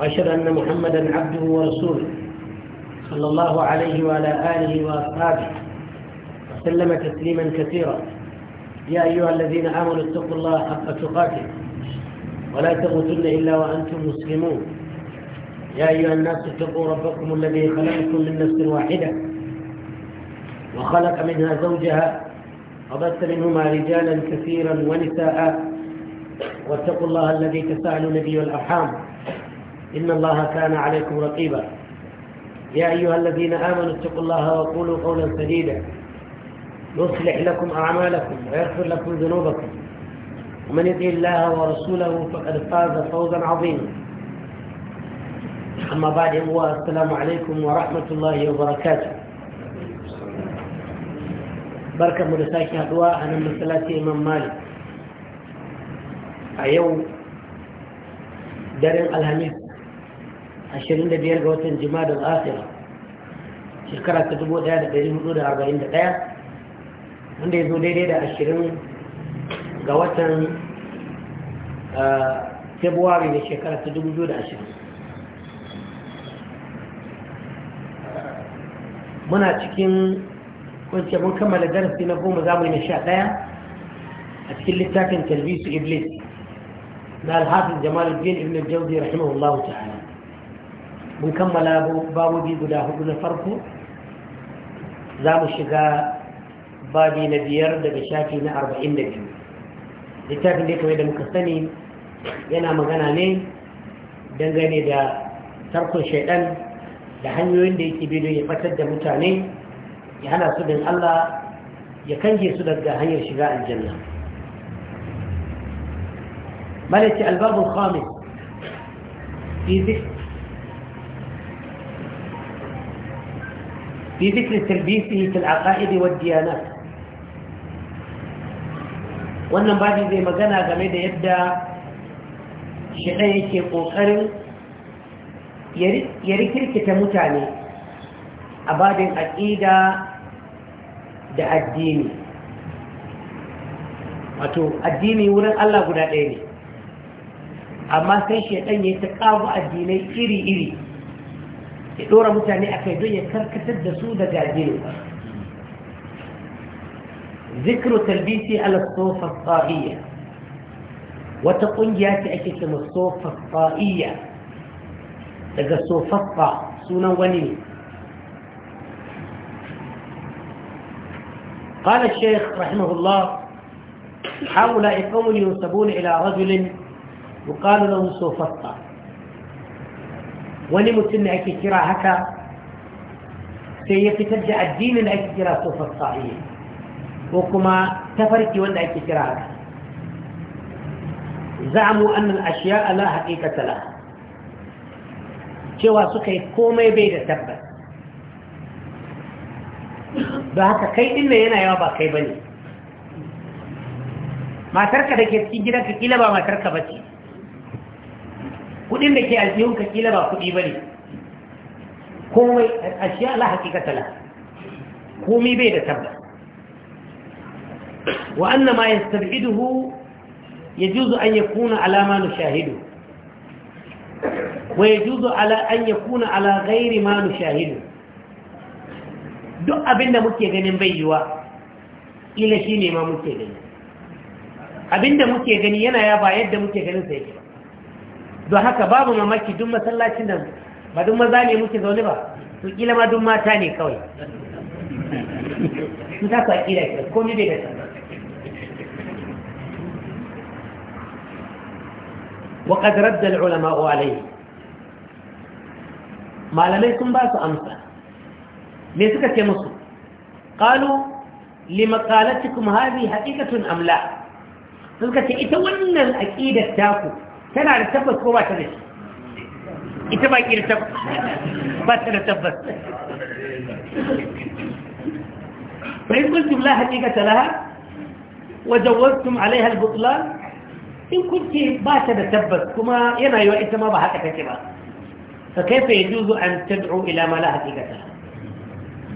وأشهد أن محمدا عبده ورسوله صلى الله عليه وعلى آله وأصحابه وسلم تسليما كثيرا يا أيها الذين آمنوا اتقوا الله حق تقاته ولا تموتن إلا وأنتم مسلمون يا أيها الناس اتقوا ربكم الذي خلقكم من نفس واحدة وخلق منها زوجها وبث منهما رجالا كثيرا ونساء واتقوا الله الذي تساءلون به والأرحام إن الله كان عليكم رقيبا يا أيها الذين آمنوا اتقوا الله وقولوا قولا سديدا يصلح لكم أعمالكم ويغفر لكم ذنوبكم ومن يطع الله ورسوله فقد فاز فوزا عظيما أما بعد السلام عليكم ورحمة الله وبركاته بركة مرساكي أدواء أنا من ثلاثة إمام مالك أيوم درن الهميس ashirin da biyar ga watan da asira shekara ta dubu ɗaya da dari hudu da arba'in da ɗaya wanda ya zo daidai da ashirin ga watan februari da shekara ta dubu biyu da ashirin muna cikin kwanci mun kammala darasi na goma zamu yi na sha ɗaya a cikin littafin talbisu iblis na alhafin Jamal ibn jauzi rahimahullahu ta'ala mun kammala babobi guda hudu na farko za mu shiga babi na biyar daga shafi na arba'in da biyu littafin da kawai da muka sani yana magana ne dangane da tarkon shaidan da hanyoyin da yake bidiyo ya fatar da mutane ya hana su don allah ya kange su daga hanyar shiga aljanna malaki albabun khamis في في ذكر تلبيسه في العقائد والديانات wannan babi zai magana game da yadda shiɗan yake ƙoƙarin ya rikirkita mutane a babin aƙida da addini wato addini wurin Allah guda ɗaya ne amma sai shiɗan ya ta ƙawo addinai iri-iri ya ɗora أكيدوية كركسة دسودة don ذكر تلبيسي على الصوفة الطائية وتقول جاتي أكيد كما الصوفة الطائية لقى الصوفة الطاء سونا ونين قال الشيخ رحمه الله هؤلاء قوم ينسبون إلى رجل وقال له صوفة الطاء wani mutum ne ake kira haka sai ya fitar da addinin da ake kira sofar sa'iyya ko kuma tafarki wanda ake kira haka mu annal ashiya ala haqiqata cewa suka yi komai bai da tabbas da haka kai din yana yawa ba kai ne. matarka da ke cikin gidanka kila ba matarka ce. kudin da ke aljihun ka kila ba kudi ba ne komai a shi ala hakikatala komi bai da tabbas wa anna ma ya juzo an kuna alama ma shahidu, wa ya juzo an kuna ala gairi ma shahidu, duk abinda muke ganin bai yiwa ila ne ma muke gani abinda muke gani yana ya ba yadda muke ganin sai. yake don haka babu mamaki duk masallacin nan ba duk maza ne muke zaune ba to kila ma duk mata ne kawai su ta ku akira ke ko ni bai da san wa qad radda al ulama alayhi malamai sun ba su amsa me suka ce musu qalu limaqalatikum hadhihi haqiqatun am la suka ce ita wannan aqidar taku tana da tabbas ko ba ta da shi ita da tabbas ba ta da tabbas فإن قلتم لا حقيقة لها وزودتم عليها البطلان إن كنت باشا تثبت كما ينا يوئت ما بحق كتبا فكيف يجوز أن تدعو إلى ما لا حقيقة لها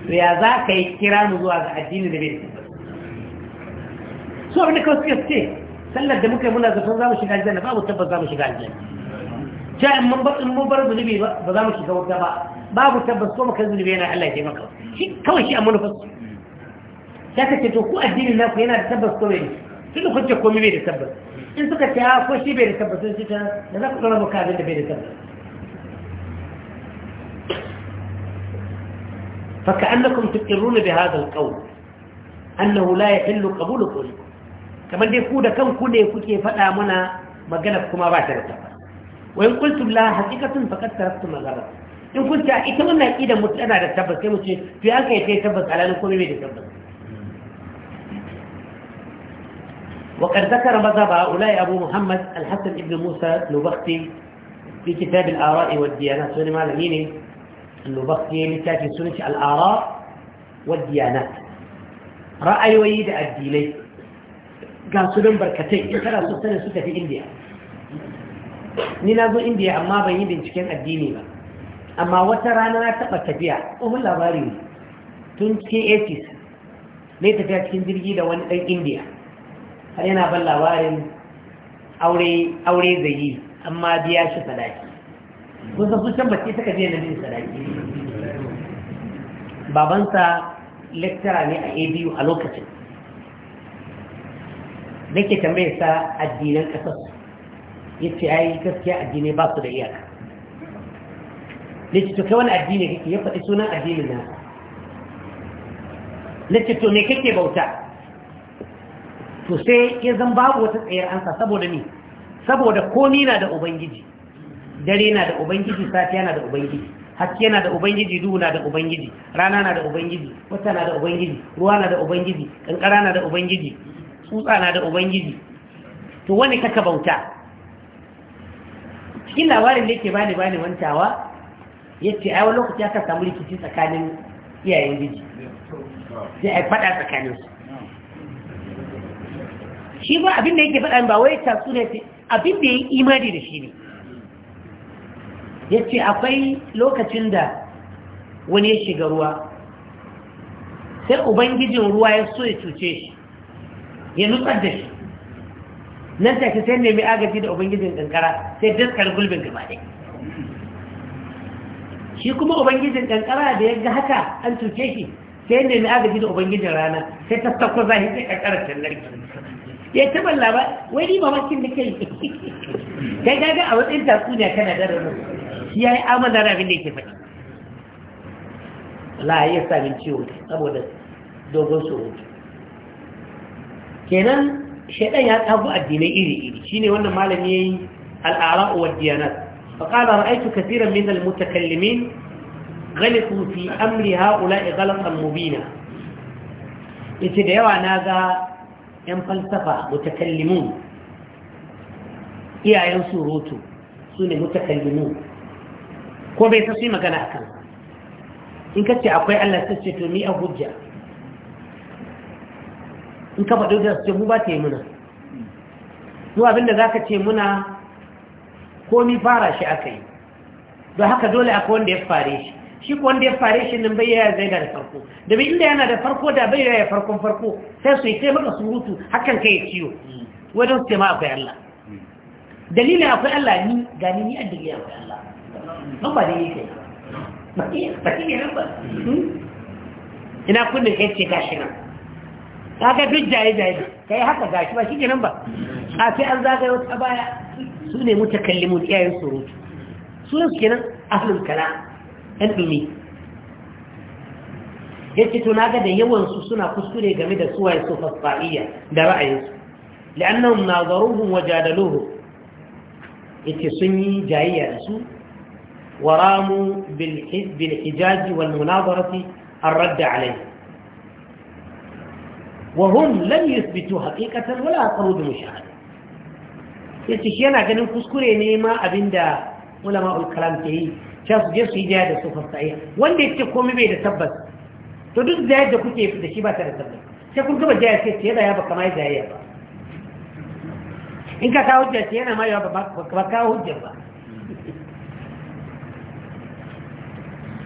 ويا كي يكرام ذو هذا الدين الذي يثبت سوف نكوز كيف sallar da muka yi muna zaton za mu shiga aljanna babu tabbas za mu shiga aljanna ja in mun bar in mun bar zunubi ba za mu shiga wuta ba babu tabbas ko maka zunubi yana Allah ya taimaka shi kawai shi a manufarsu ya ka ce to ku addini na ku yana da tabbas ko bai tun kun ce komai bai da tabbas in suka ce ko shi bai da tabbas sun ce ta da za ku ɗora maka abin da bai da tabbas فكأنكم تقرون بهذا القول أنه لا يحل قبول قولكم kamar dai ku da kanku ne kuke faɗa mana magana kuma ba ta da tabbas Wai in qultum la haqiqatun faqad taraktum magharra in kun ta ita wannan aqida mu yana da tabbas sai mu ce to an kai sai tabbas alalan komai bai da tabbas وقد ذكر مذهب هؤلاء أبو محمد الحسن بن موسى النبختي في كتاب malami ne. سوري ما لميني النبختي لتاكي سنة الآراء والديانات رأي da addinai. ga su don barkatai in tara su sanin su tafi indiya ni na zo indiya amma ban yi binciken addini ba amma wata rana na taɓa tafiya tsohon labari ne tun cikin 80s ne tafiya cikin jirgi da wani ɗan indiya har yana ban labarin aure zai yi amma biya shi sadaki kun san sun bace suka biya na bin sadaki babansa lektara ne a abu a lokacin nake tambaye sa addinan kasar ya ce ai gaskiya addinai ba su da iyaka nace to kai wani addini kake ya faɗi sunan addinin na nace to me kake bauta to sai ya zan babu wata tsayar ansa saboda ni saboda ko ni na da ubangiji dare na da ubangiji safiya na da ubangiji haske na da ubangiji duhu na da ubangiji rana na da ubangiji wata na da ubangiji ruwa na da ubangiji ƙanƙara na da ubangiji tsutsa na da ubangiji to wani kaka bauta cikin labarin da yake bani bani wantawa ya ce ai wani lokaci aka samu rikici tsakanin iyayen biji, sai ai fada tsakanin su shi ba abin da yake fada ba wai ta su ne abin da ya yi imani da shi ne ya ce akwai lokacin da wani ya shiga ruwa sai ubangijin ruwa ya so ya cuce shi ya nutsar da shi nan take sai nemi agaji da ubangijin kankara sai daskar gulbin gaba ɗaya shi kuma ubangijin kankara da ya ga haka an cuce shi sai nemi agaji da ubangijin rana sai ta sakwa zahi sai kankarar narki ya taba laba wai ni mamakin da kai kai gaga a matsayin tatsuniya kana da rana shi ya yi amana da abin da yake faɗi la ya sami ciwo saboda dogon surutu kenan shaidan ya tabu addinai iri-iri shi ne wannan malami yayi al'ara wa diyanat fa qala ra'aytu katiran min al-mutakallimin ghalitu fi amri ha'ula'i ghalatan mubina yace da yawa na ga yan falsafa mutakallimun iyayen surutu sune mutakallimun ko bai sai magana a kan? in kace akwai Allah sai ce to ni a hujja in ka faɗi da su ce mu ba ta yi muna mu abinda za ka ce muna komi fara shi aka yi don haka dole aka wanda ya fare shi shi ko wanda ya fare shi nan bai yaya zai da farko da bai inda yana da farko da bai yaya farkon farko sai su yi sai maka surutu hakan kai ciwo wajen su ce ma akwai Allah dalilin akwai Allah ni gani ni addini akwai Allah ban ba da yake ba ba ba hmm? ina kunne kai ce shi nan kaga duk jaye-jaye kai haka gashi ba shi ke nan ba a an zagaye wata baya su ne mutu kallimun iyayen surutu su ne su ke nan kala ɗan ɗumi ya ce tuna ga da yawansu suna kuskure game da suwaye su fasfa'iyya da ra'ayinsu la'annan na zaruhun waje da luhu ya ce sun yi jayayya da su waramu bilhijaji wal munazarati an radda alai وهم لم يثبتوا حقيقة ولا أقروا بمشاهدة يتشينا كان كسكري نيما أبين دا علماء الكلام تهي شاس جرس إجادة سوف الصحيح وان دي تقومي بيه تثبت تدوز زايد دكو تيف في دشيبا تثبت شاكل قبل جاية سيتي هذا يابا كما يزا يابا إن كاكا هجة سينا ما يابا بكا هجة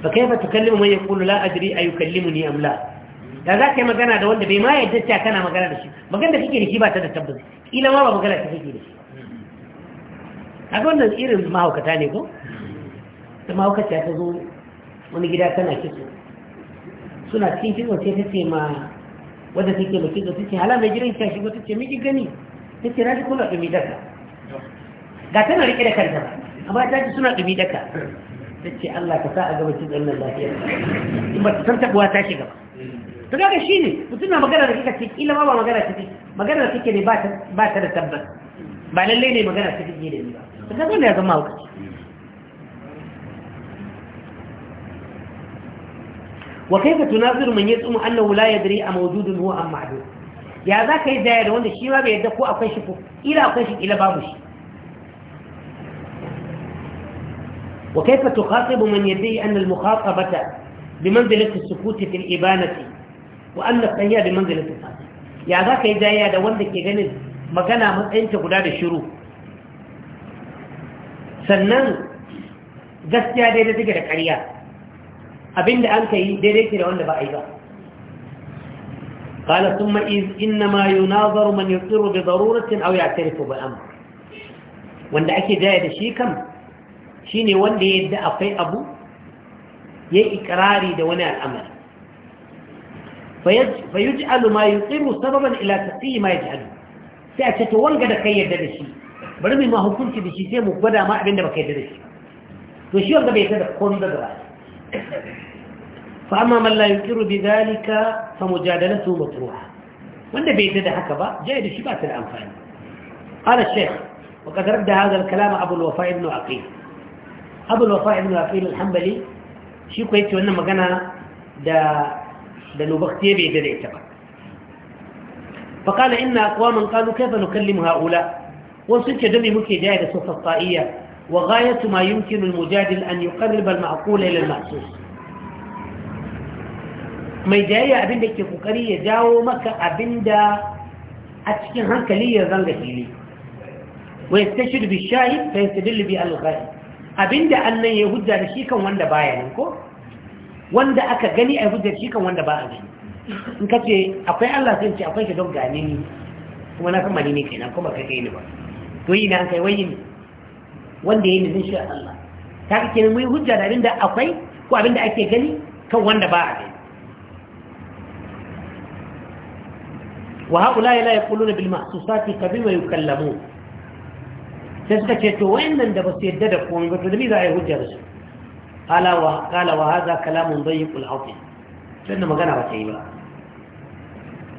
فكيف تكلم من يقول لا أدري أيكلمني أم لا da za ka yi magana da wanda bai ma yadda cewa kana magana da shi magana da kike da shi ba ta da tabbas kila ma ba magana ta kike da shi a wannan irin mahaukata ne ko da ya ta zo wani gida tana kitso suna cikin kitso sai ta ce ma wadda take ma kitso ta ce hala mai jiran kya shigo ta ce miki gani ta ce raji kuna ɗumi daka ga tana riƙe da kanta ba amma ta ce suna ɗumi daka ta ce allah ka sa a gaba kitson nan lafiya in ba ta san taɓuwa ta shiga ba to kaga shine mutum na magana da kika ce kila ma ba magana take magana da kike ne ba ta ba ta da tabbas ba lalle ne magana ta kike da ni ba to kaga ne ya zama hukunci وكيف تناظر من يزعم انه لا يدري اموجود هو ام معدوم ya za ka yi zaya da wanda shi ma bai yadda ko akwai shi ko ila akwai shi ila babu shi وكيف تخاطب من يدعي أن المخاطبة بمنزلة السكوت في الإبانة wa annas sahiya bi manzilatin fasik ya za ka yi jayya da wanda ke ganin magana matsayinta guda da shiru sannan gaskiya daidai take da ƙarya abinda an ka yi daidai ke da wanda ba a yi ba قال ثم إذ إنما يناظر من يصير ta أو يعترف بأمر wanda ake jaya da shi kam shine wanda ya yadda akwai abu ya ikirari da wani al'amari fayuj'alu ma yuqimu sababan ila taqi ma yaj'alu sai a ce to wanga da kai yadda da shi bari mu ma hukunci da shi sai mu gwada ma abinda da baka yadda da shi to shi wanga bai yadda da komai daga ba. fa amma man la yuqiru bi dhalika fa mujadalatu matruha wanda bai yadda da haka ba jai da shi ba ta da amfani qala shaykh wa qad radda hadha al-kalam abu al-wafa ibn aqil abu al-wafa ibn aqil al-hanbali shi ko yace wannan magana da da nubakciye bai da ita ba faƙala ina kwanan kanu kai ba nukallin ha'ula wasu ke dami muke jaya da sufafa'iyya wa gayatu ma yunkin mujadil an yi ƙarribar ma'akula ilal masu mai jayayya abin da ke ƙoƙari ya jawo maka abin da a cikin hankali ya zanga fili wa ya bi shahid ta al-ghari abin da annan ya hujja shi kan wanda baya nan, ko wanda aka gani a hujjar shi kan wanda ba a gani in ka ce akwai Allah sai ce akwai shi don gane ni kuma na kama ni ne kenan kuma ka kai ni ba to yi na kai wayin wanda yayi nizin shi Allah ta ka kenan mu hujja da abinda akwai ko abinda ake gani kan wanda ba a gani wa haula la yaquluna su mahsusati fa bima yukallamun sai suka ce to wayannan da ba su yadda da komai ba to da me za a yi hujja da su qala wa qala wa hadha kalamun dayiqul hafi magana ba ta yi ba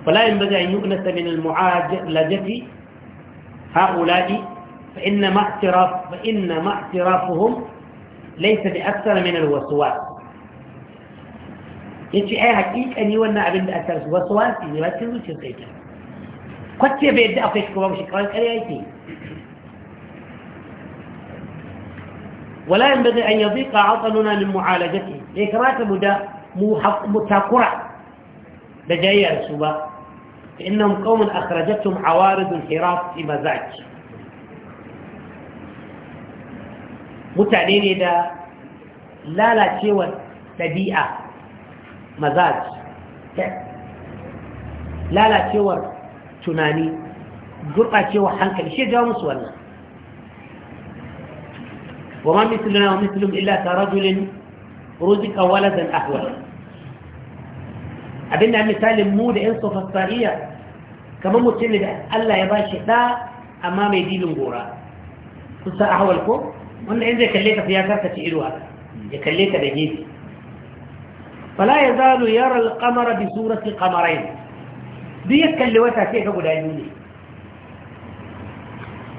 fala in baza in yu'nas min al mu'ajalati ha'ula'i fa inna ma'tiraf min yace ai hakikani wannan abin da aka wasu wasi ne ba cikin zuciyar kai ta kwace bai yadda akwai shi kuma shi kawai kare yake ولا ينبغي أن يضيق عطلنا من معالجته لإكرات مدى متاكرة لجاية السبا فإنهم قوم أخرجتهم عوارض انحراف في مزاج متعنين إذا لا لا تيوى تبيئة مزاج لا لا تيوى tunani gurɓacewar hankali shi jawo musu wannan وما مثلنا ومثلهم إلا كرجل رزق ولدا أهول أبنى مثال مو إنصف الصائية كما مثل الله يبقى شتاء أمام يدين مغورا تسا أهولكم وانا عندك كليك في ياسر تشعروا هذا يكليك بجيز فلا يزال يرى القمر بصورة قمرين. بيك اللي وتا سيك أبو دايني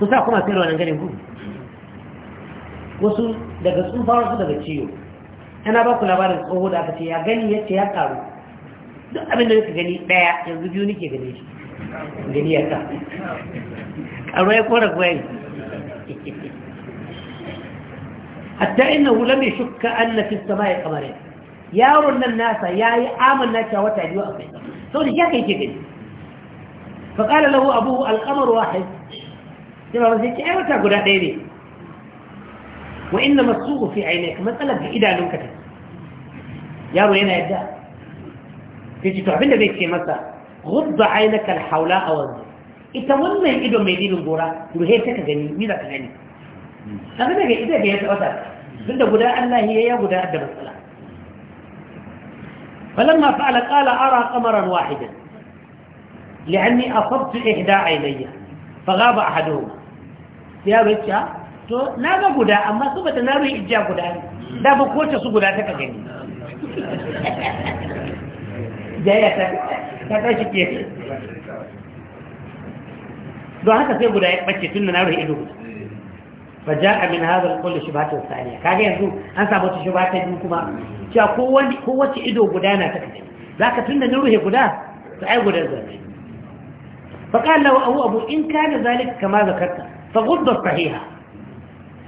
تسا أخوما سيروا أنا قلن wasu daga tsufa wasu daga ciwo ana ba ku labarin tsoho da aka ce ya gani ya ce ya karu duk abin da nuka gani ɗaya yanzu biyu nake gani shi gani ya karu karu ya kora gwai hatta inna hula mai shukka an na fista ba ya kamare yaron nan nasa ya yi amanna cewa wata biyu a kai sau da ya kai ke gani faƙala lahu abu al'amar wahid sai ba wasu ya ce ai wata guda ɗaya ne وإنما الصوغ في عينيك مثلا إذا نمكت يا رينا يدا تجي تعبنا بيك مثلا غض عينك الحولاء وزي إتمنى إذا ميدين البورا وهيتك غني ميدا تغني أنا بقى إذا جيت أتاك بنت غداء الله هي يا غداء الدم الصلاة فلما فعل قال أرى قمرا واحدا لأني أصبت إهداء عيني فغاب أحدهما يا بيتشا to na ga guda amma su bata na ruwa ijiya guda ne da ba kowace su guda ta ka gani jaya ta ta tashi ke don haka sai guda ya ɓace tun da na ruwa ido ja a min hadha shi ba ta thaniya kaga yanzu an samu wata ba ta biyu kuma cewa kowace ido guda na ta ka tun da na ruhe guda to ai guda zai فقال له أبو أبو إن كان ذلك كما ذكرت فغض الصحيحة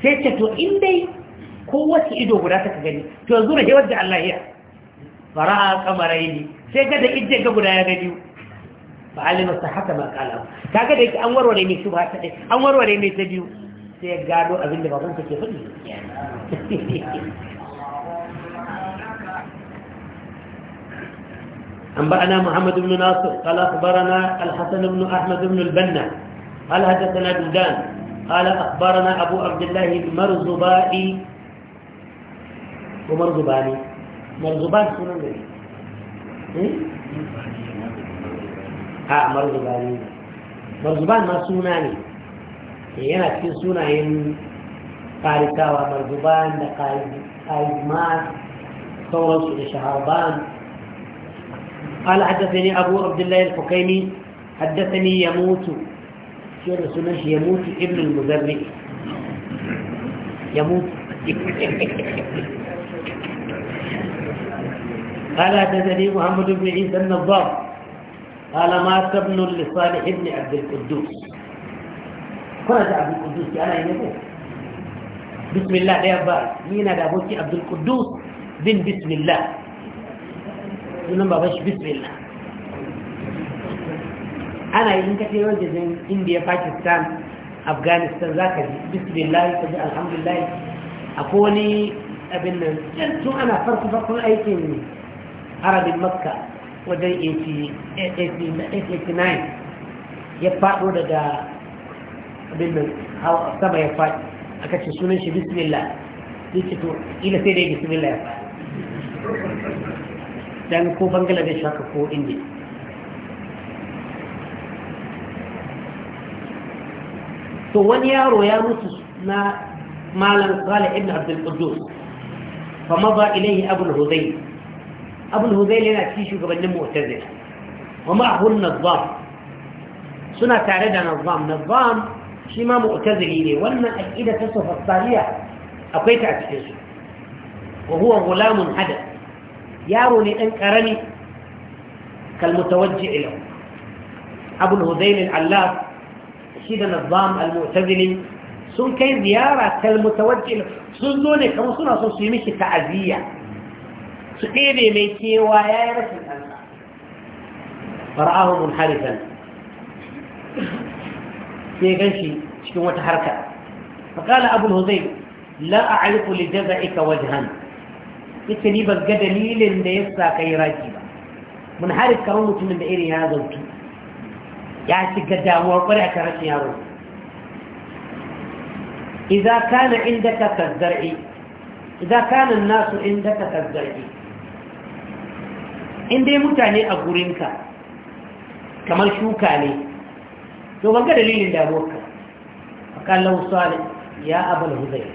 sai ce to in dai kowace ido guda ta gani to yanzu rage wadda Allah ya fara'a kamarai ne sai ga da ijje ga guda ya ga biyu ba alima sa haka ma kala kaga da yake an warware mai shubha ta dai an warware mai ta biyu sai ya gado abin da baban ke faɗi أنبأنا محمد بن ناصر قال أخبرنا الحسن بن أحمد بن البنا قال حدثنا بلدان قال أخبرنا أبو عبد الله المرزبائي ومرزباني مرزبان سنة لي ها مرزباني مرزبان ما سناني yana cikin sunayen farikawa marzuban da قايمان ثورس لشهربان قال حدثني أبو عبد الله الحكيمي حدثني يموت يقول رسول الله يموت ابن mutu يموت قال حدثني محمد بن عيسى النظار قال مات ابن لصالح ابن عبد القدوس كنت عبد القدوس انا ينبو بسم الله يا بار مين هذا ابوكي عبد القدوس بن بسم الله بسم الله ana yi in ka da wajen indiya pakistan afghanistan za ka ji bismillah ka ji alhamdulillah a kone abin nan tun ana farko farkon aikin harabin makka wajen 89 ya faɗo daga abin nan sama ya faɗi a ce sunan shi bismillah zai ce to ila sai dai bismillah ya faɗi dan ko bangaladesh haka ko india فوان يارو يا نفس ما مالا قال ابن عبد القدوس فمضى إليه أبو الهذيل أبو الهذيل لنا تشيشه قبل المؤتذر ومعه النظام سنة تعرض نظام نظام شما مؤتذر إليه ولما إذا تصف الصالية أقيت أتشيشه وهو غلام حدث يارو لأنكرني كالمتوجه له أبو الهذيل العلاق shi da nazam al-mu'tazili sun kai ziyara kal mutawakkil sun zo ne kamar suna so su yi mishi ta'aziyya su ɗebe mai kewa ya yi rashin kansa fara'ahu munharifan sai gan cikin wata harka faƙala abu huzai la a alifu li jaza'ika wajhan ita ni ba ga dalilin da ya sa ka yi raki ba munharif kamar mutumin da irin ya zautu ya shiga damuwar kwarai ta rashin yaro idza kana indaka kazar'i idza kana an-nasu indaka kazar'i indai mutane a gurinka kamar shuka ne to banga dalilin damuwarka fakallahu salih ya abul hudayr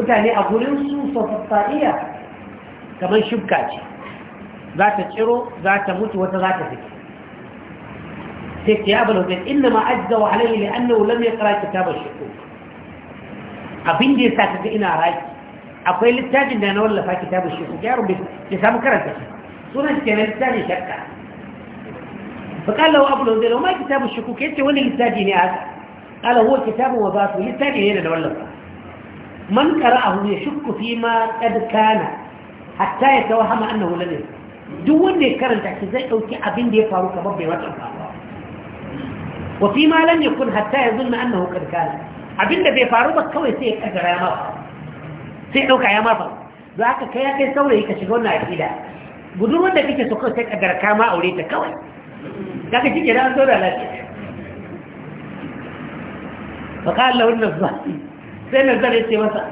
mutane a gurin su sofafaiya kamar shuka ce za ta ciro za ta mutu wata za ta fita سيك يا أبا إنما أجزوا عليه لأنه لم يقرأ كتاب الشكوك أبين دي ساكت إنا راي أقول للتاج إن أنا ولا كتاب الشكوك يا ربي لسام كرنت سورة كان الثاني شكا فقال له أبو الهدين ما كتاب الشكوك أنت وين للتاج هذا قال هو كتاب وباطل للتاج هنا ولا من قرأه يشك فيما قد كان حتى يتوهم أنه لن يقرأ دون يكرن تحت زي أو أبين دي فاروك أبو بيوات wa fi ma lam yakun hatta yazunna abinda bai faru ba kawai sai ya kaddara ya ma sai ya ma fa za ka kai ya kai saurayi ka shiga wannan aqida budurwar da kake so kawai sai kaddara ka ma aure ta kawai daga kike da an zo da lafiya fa qala lahu an-nazari sai nazari masa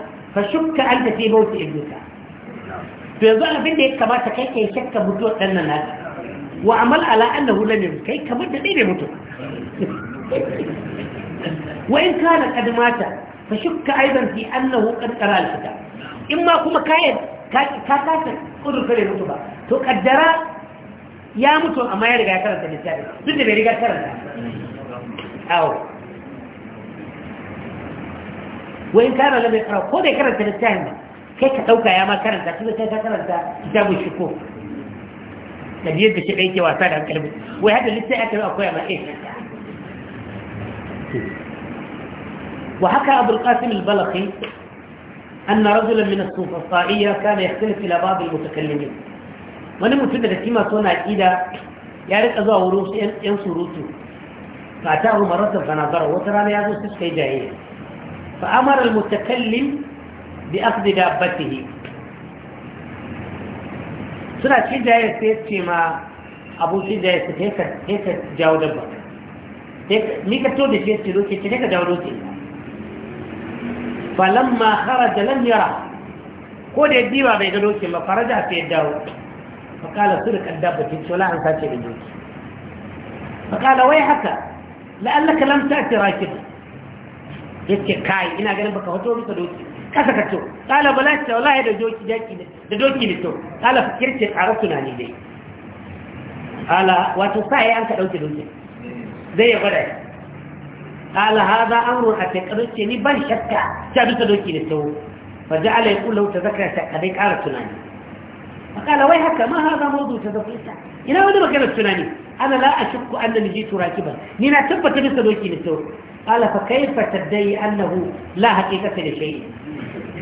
abinda ya kamata kai kai shakka mutuwar وعمل على أنه لم يمكن كمان دليل يموتون وإن كان قد مات فشك أيضا في أنه قد قرى الكتاب إما كما كايد كاكاسا قدر فلي المطبع تقدر يا مطبع أما يرغى يا كرنة الإسلامي بدي بيرغى كرنة أو وإن كان لم يقرأ خذ يا كرنة الإسلامي كيف تتوقع يا ما كرنة كيف تتوقع يا كرنة كتاب الشكوك ka biyar da shi ɗaya ke wasa da hankalin wai hada littafi aka a koya ma ɗaya وحكى أبو القاسم البلخي أن رجلا من الصوفصائية كان يختلف إلى بعض المتكلمين wani mutum daga kima suna ƙida ya rika zuwa wurin su ‘yan surutu ba ta hu marasar fanazara wata rana ya zo su suka yi jaye fa'amar al-mutakallim bi akhdhi dabbatihi suna ci jayar sai ce ma abokin jayar su sai ka jawo dabba ni ka to da shi ce doke ce ka jawo doke falon ma haraja lam yara ko da yadda ba bai ga doke ba faraja sai dawo fakala su da kaddaba ce ce wala an sace da doke fakala wai haka la'allaka lam ta ce rakin yake kai ina ganin baka hoto bisa doke kasa ka to kala bala ta wallahi da doki da doki ne to kala fikirce a ne dai kala wato sai an ka dauke doki zai ya bada kala hada amru a ta karuce ni ban shakka ta duka doki ne to fa ja'ala yaqulu ta zakara ta kadai kara tunani فقال ويحك ما هذا موضوع تدفلسة إلا وانا ما كانت تناني أنا لا أشك أنني Ni na نينا da بس دوكي نسو قال فكيف تدعي أنه لا حقيقة لشيء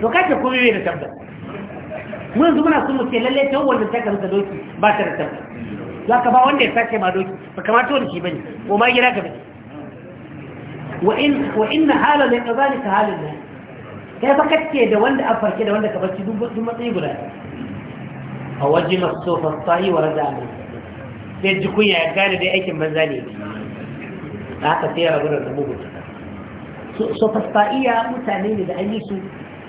وكانت يقول لي تبدأ mun zuma na sun mutu lalle ta wanda ta karu da doki ba ta da tabbata za ka ba wanda ya sace ma doki ba kamata wani shi bane ko ma gira gaba wa in wa in hala min qadalika halin nan kai fa kace da wanda an farke da wanda ka barci duk duk matsayi a waje ne sai ya gane aikin ne haka sai ya da mugunta sofasta'iya mutane ne da an su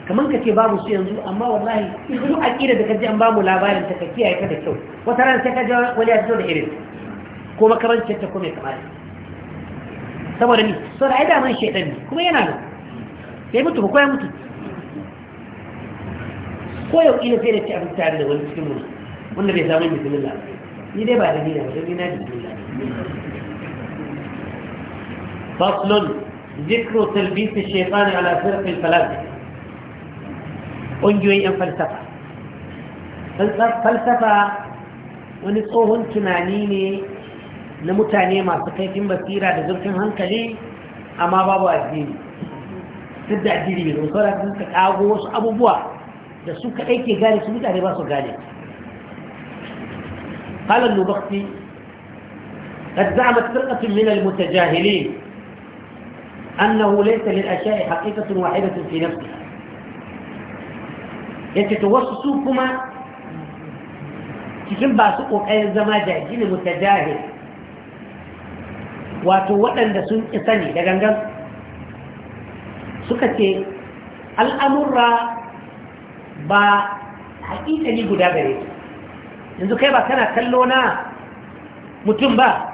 kamar ka ce babu su yanzu amma wallahi duk aƙida da kaji an bamu labarin ta ka kiyaye ka da kyau wata ran sai ka wani ya fito da irin ko makamancin ta ko mai kamar saboda ni so da ai da man shaidan ne kuma yana nan sai mutu ko ya mutu ko yau ina sai da ci abin tare da wani cikin mu wanda bai samu bismillah ni dai ba da ni da ba da ni na bismillah faslun ذكر تلبيس الشيطان على فرق الفلاسفه انجوي ان فلسفه فلسفه ونصوهن تنانيني نمتاني ما سكيتين بسيرة لزرتين هنكلي أما بابو أجديني سد أجديني وصورة كنت أعوه وش أبو بوا لسوك أيكي غالي سوك أهلي باسو غالي قال النبختي قد زعمت فرقة من المتجاهلين أنه ليس للأشياء حقيقة واحدة في نفسها يتتوسسوا كما cikin ba su ƙoƙarin zama jahili mutajahil wato waɗanda sun ƙi sani da gangan suka ce al'amurra ba haƙiƙani guda gare yanzu kai ba kana kallo na mutum ba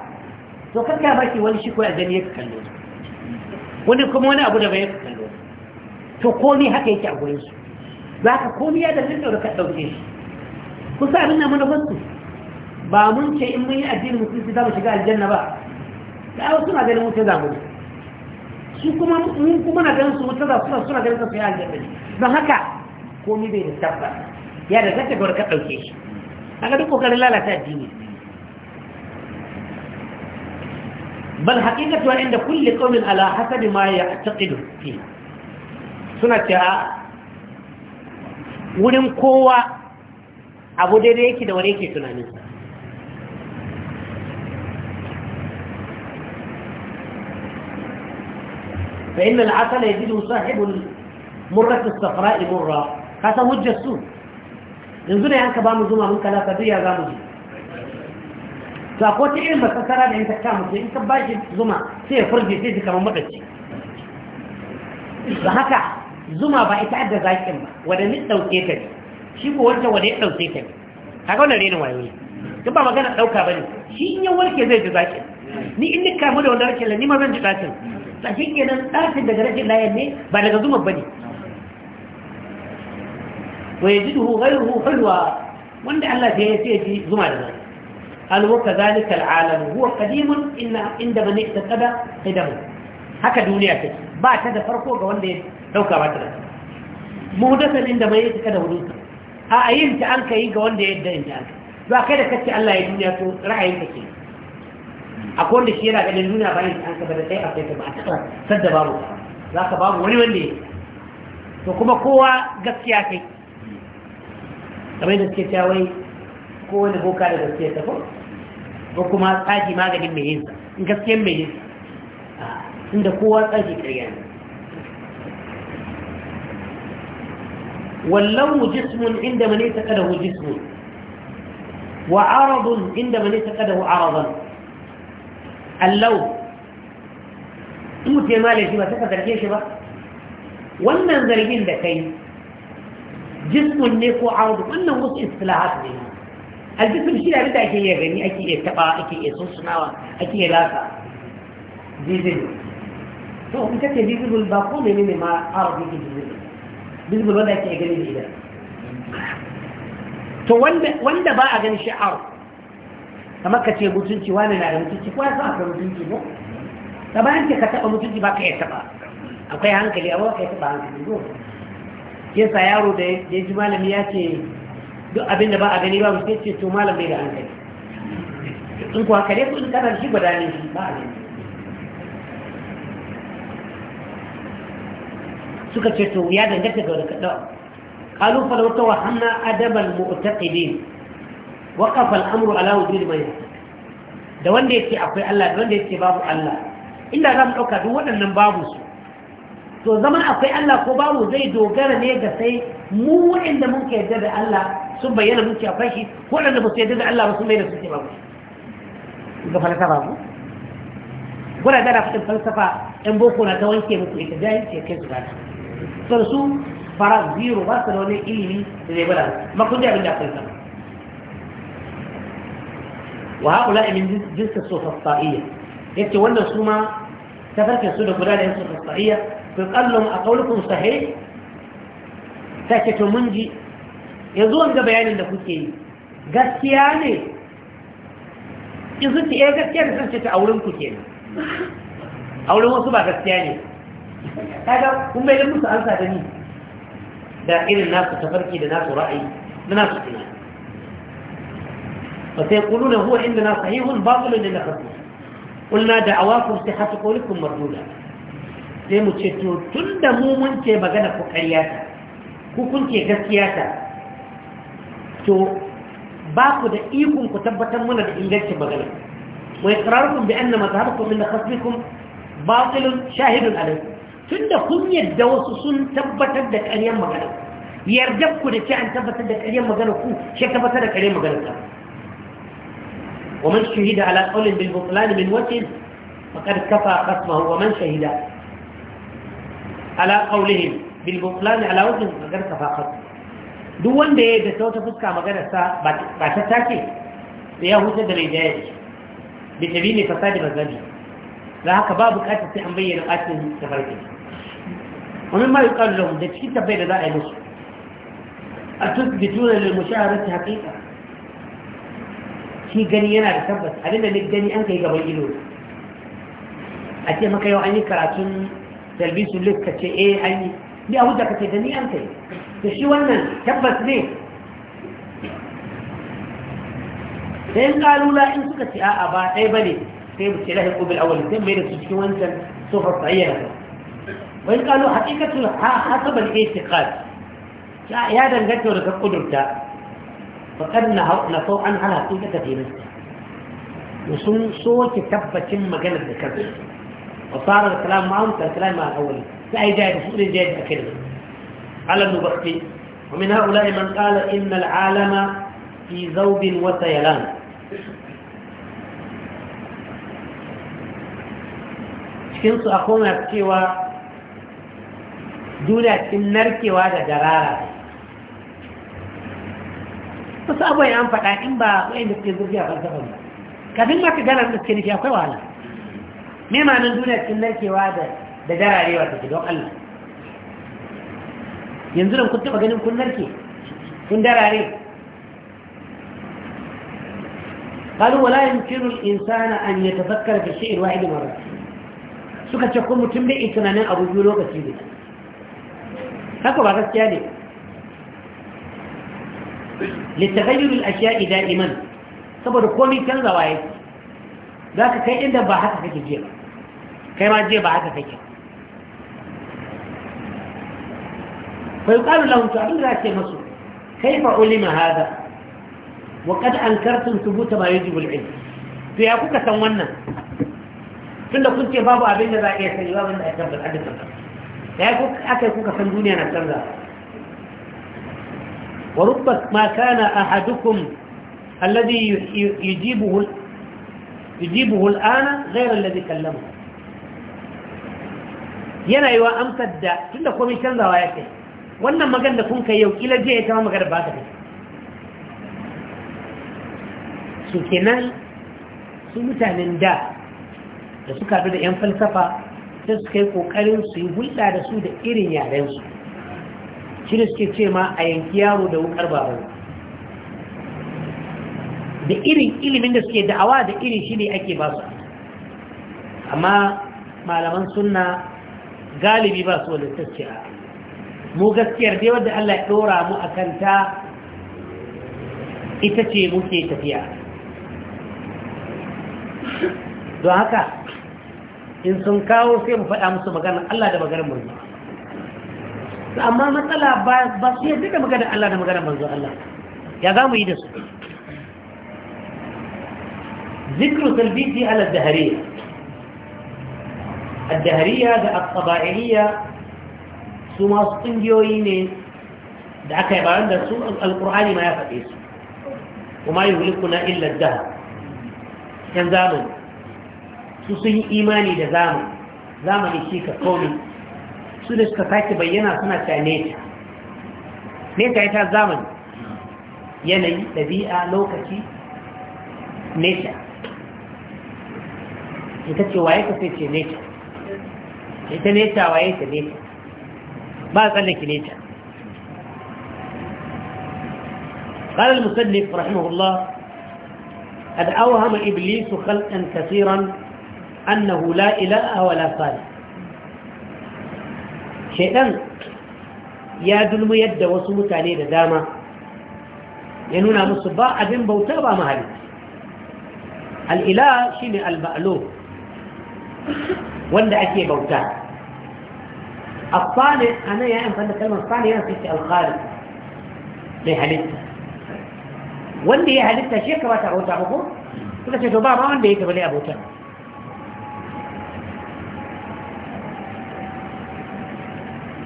to kanka ba ke wani shi ko a gani ka kallo wani kuma wani abu da bai kallo to komi haka yake a gurin su za ka komi ya da zai ka ɗauke shi kusa abin na manufarsu ba mun ce in mun yi addinin musulunci za mu shiga aljanna ba da yawa suna ganin wuta za mu ne su kuma mun kuma na ganin su mutu za suna suna ganin su yi aljanna ne don haka komi bai da tabbata ya da zai ka ɗauke shi ga duk kokarin lalata addini bal haƙiƙatu inda kulli qaumin ala hasabi ma ya'taqidu fi suna cewa wurin kowa abu daidai yake da wani yake tunanin fa inna al-asala yajidu sahibu al-murrah as-safra' murra kasa hujjatu yanzu ne yanka ba mu zuma mun kala kadiya za mu ji ga ko ta irin basasara da in ta kama in ka ba shi zuma sai ya furge sai shi kamar maɗaci da haka zuma ba ita adda zaƙin ba wadda ni ɗauke ta ne shi ko wanda wadda ya ɗauke ta ne kaga wannan renin wayo ne duk ba magana ɗauka ba ne shi in ya warke zai ji zaƙin ni in ni kamu da wanda rashin la ni ma zan ji ɗakin tsakin kenan ɗakin daga rashin layan ne ba daga zuma ba ne wa yajiduhu ghayruhu hulwa wanda Allah sai ya ce zuma da zaƙi قال وكذلك العالم هو قديم إن عندما نكتب قدر قدمه haka duniya ce ba ta da farko ga wanda ya dauka ba ta da muhdathan inda mai yake kada wurin a ayin ta an kai ga wanda ya yadda inda aka kai da kace Allah ya duniya to ra'ayin ka ke a ko wanda shi yana ganin duniya ba yin an ka bada kai a kai ba ta sadda babu za ka babu wani wanda to kuma kowa gaskiya kai kamar da suke tawai ko wani boka da gaskiya ta ko kuma tsaji maganin mai yinsa in gaskiyar mai yinsa ah, inda kowa tsaji ƙarya ne واللون جسم عند من اعتقده جسم inda mani من اعتقده عرضا اللون mutum ya malaye shi ba saka zarge shi ba wannan zargin da kai jismun ne ko arzu wannan wasu istilahat ne aljism shi abin da ake iya gani ake iya taba ake iya sunsunawa ake iya lasa visible to in kace visible ba ko ne ne ma arabi ke visible visible wanda ake gani da to wanda ba a gani shi arab kamar ka ce mutunci wani na da mutunci ko ya a ka mutunci ko ta bayan ka taba mutunci ba ka iya taba akwai hankali a ba ka iya taba hankali ko yasa yaro da ya ji malami ya ce duk abin da ba a gani ba mu sai ce to malam bai da hankali in ku haka dai kuɗin kana shi gwada ne shi ba a gani suka ce to ya danganta ga wadda ɗau قالوا فلوتوهمنا أدب المؤتقدين وقف الأمر على وجود ما يحتاج da wanda yake akwai Allah da wanda yake babu Allah inda za mu ɗauka duk waɗannan babu su to zaman akwai Allah ko babu zai dogara ne ga sai mu waɗanda mun ka yarda da Allah sun bayyana musu akwai shi waɗanda ba su yadda da Allah ba sun mai da su ce babu ga falsafa ku gwada da rafin falsafa ɗan boko na ta wanke muku ita jayin ce kai su gana sau su fara zero ba su da wani ilimi da zai bada makon da abin da falsafa wa haƙula imin jinsa sofasta'iyya ya ce wannan su ma ta farkin su da guda da yin sofasta'iyya ku kallon a ƙaunukun sahih ta ke to mun ji yanzu ga bayanin da kuke yi gaskiya ne izuci ya eh, gaskiya da sarce ta auren ku ke auren wasu ba gaskiya ne kaga kun bai da musu sa da ni da irin nasu tafarki da nasu ra'ayi da nasu tunani فسيقولون inda na صحيح باطل لنا خطيئة قلنا دعواكم da قولكم مردودة sai Sai mu ce to tun da mu mun ce magana ku karyata ku kun ce ta? to ba ku da ikon ku tabbatar mana da ingancin magana mai tsararkun bi annama zahabakum min khasbikum batilun shahidun alayhi tunda kun yadda wasu sun tabbatar da ƙaryan magana yarda ku da ce an tabbatar da ƙaryan magana ku shi tabbatar da ƙaryan magana ta ومن شهد على قول بالبطلان من وجه فقد كفى قسمه ومن شهد على قولهم بالبطلان على وجه فقد كفى قسمه duk wanda ya da wata fuska maganarsa ba ta take da ya huce da mai rinjaye da tabi ne fasadi mazhabi da haka ba bukatar sai an bayyana ɓacin da farko wani ma yi ƙarfi da cikin tabbai da za a yi musu a da da tusbituna lil mushaharati haqiqa shi gani yana da tabbas abinda ne gani an kai gaban ido a ce maka yau an yi karatun talbisu lif ce eh an yi ni a hujja kake da ni an kai da shi wannan tabbas ne da yin kalula in suka ce a'a ba ɗaya ba ne sai mu ce lahi ƙobil awali sai mai da su cikin wancan sofar tsayyana wa yin kalu haƙiƙatul hasabar itiqad ya danganta da ka kudurta faƙad na sau an hana haƙiƙata dinasta sun soke tabbacin maganar da kansu wa fara da kalam ma'amta kalam ma'a awali فأيدي بفؤل جيد أكلم على النبختي ومن هؤلاء من قال إن العالم في زوب وسيلان كنت أقوم أبكيوا دولة النركي وهذا جرارة بس أبوي أم فتاة إن با وين بكي زرقيا فلسفة كذلك ما تقال أن تكني فيها كوالا مما أن دولة النركي وهذا da jararewa take don Allah yanzu da kun taɓa ganin kun narke kun darare قالوا ولا يمكن الإنسان tafakkar da في الشيء الواحد مرة suka ce ko mutum bai tunanin abu biyu lokaci ne haka ba gaskiya ne littaghayyurul ashiya'i iman, saboda komai waye. Za ka kai inda ba haka kake jiya kai ma jiya ba haka kake fa yuqalu lahum to abin da ake masu kaifa ulima hada wa qad ankartum thubuta ma yajibu al-ilm to ya kuka san wannan tunda kun ce babu abin da za a iya sani babu da ya tabbata da tabbata ya kuka kuka san duniya na canza wa rubba ma kana ahadukum yana yi wa da canzawa ya wannan magan da kun kai yau kila je ya kama magana ba ta kai su kenan su mutanen da da suka haɗu da 'yan falsafa ta su kai ƙoƙarin su yi hulɗa da su da irin yarensu shi da suke ce ma a yanki yaro da wukar babu da irin ilimin da suke da'awa da irin shi ne ake ba su amma malaman suna galibi ba su wani mu gaskiyar dai wadda Allah ya dora mu a kanta ita ce muke tafiya don haka in sun kawo sai mu faɗa musu magana Allah da maganar manzo amma matsala ba su yadda da maganar Allah da maganar manzo Allah ya za mu yi da su ذكر تلبيتي على الدهرية الدهرية الطبائعية su masu ƙungiyoyi ne da aka yi bayan da su alƙur'ani ma ya faɗe su kuma yi na illar da yan zamani su sun yi imani da zamani zamani shi ka komi su da suka sake bayyana suna ta neta neta ya ta zamani yanayi ɗabi'a lokaci neta ita ce waye ka sai ce neta ita neta waye ta neta ba tsallake ne ta ƙarar musallif rahimahullah da awa hama iblisu kalɗin kasiran annahu la'ila a wala fari shaidan ya dulmu yadda wasu mutane da dama ya nuna musu ba abin bauta ba mahari al'ila shi ne alba'alo wanda ake bauta الصانع أنا يا أنت أنا كلمة الصانع أنا في الخالق لي حلت واللي حلت شكرة أو تعبه ولا شيء دبابة من بيت ولا أبو تام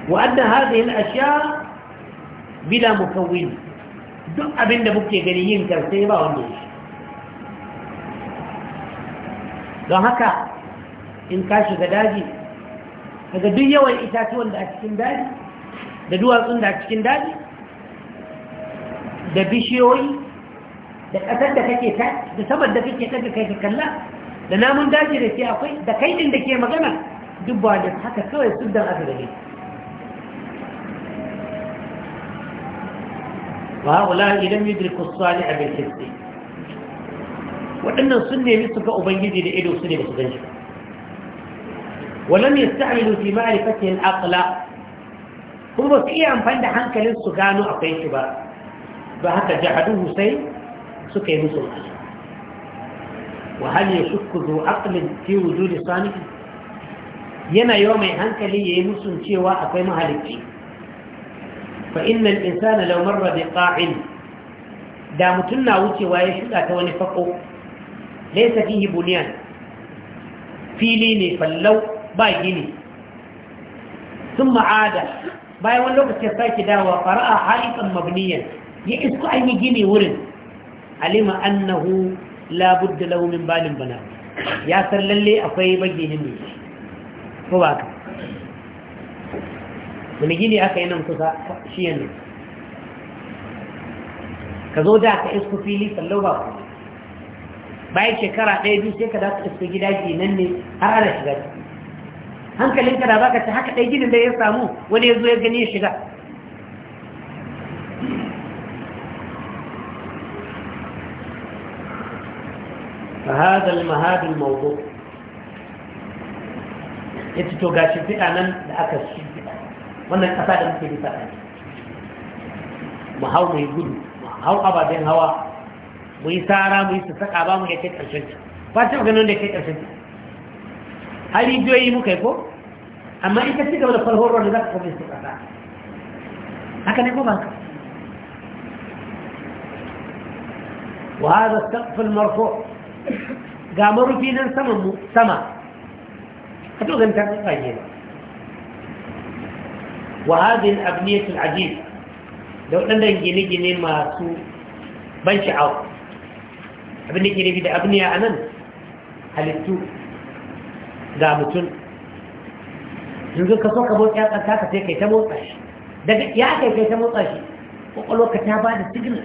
وأن هذه الأشياء بلا مكون دم أبن بوك جريين كرتيبة ونش لو هكا إن كاش قداجي daga duk yawan itatuwan da a cikin daji da duwatsun da a cikin daji da bishiyoyi da ƙasar da kake ta da saman da kake da kai ka kalla da namun daji da ke akwai da kai ɗin da ke magana duk ba da haka kawai sun dan aka gani ba wula idan yudriku salih abin kirsi waɗannan sun nemi suka ubangiji da ido su ne da su gan shi ba ولم يستعملوا في معرفته العقل هم في amfani da hankalin su gano akwai shi ba ba haka jahaduhu sai suka yi musu wa hal yashukku zu aqlin fi wujudi Sani? yana yau mai hankali yayi musu cewa akwai mahalicci fa inna al-insana law marra bi qa'in da mutun na wucewa ya shuka ta wani fako laysa fihi bunyan fili ne fallau ba gini sun ma'ada bayan wani lokacin sake dawa fara'a halittar mabniyan ya isko an yi gini wurin alima annahu labud da laumin balin bana ya san lalle akwai maginin ne ko ba ka wani gini aka yi nan kusa shi yanzu ka zo da aka isko fili sallau ba ku bayan shekara ɗaya biyu sai ka da ka isko gidaje nan ne har ana shiga ciki hankalinka da baka ta haka ɗai ginin da ya samu wani ya zo ya gani ya shiga فهذا المهاد الموضوع yace to gashi fiɗa nan da aka shi fiɗa wannan ƙasa da muke bisa a mu hau mu yi gudu mu hau ababen hawa mu yi tsara mu yi sassaƙa ba mu da ke ƙarshen ba ta ganin da ke ƙarshen Hali rijiyoyi muka yi ko amma in ka ci gaba da falhoron da za ka su haka ne wa haza saqful nan mu sama ka ganta ka wa hadhihi al-abniyatu da wadannan gine-gine masu ban sha'awa abin da da abniya anan halittu ga mutum yanzu ka so ka motsa ya tsanta ka sai kai ta motsa shi daga ya kai kai ta motsa shi kwakwalwa ka ta ba da signal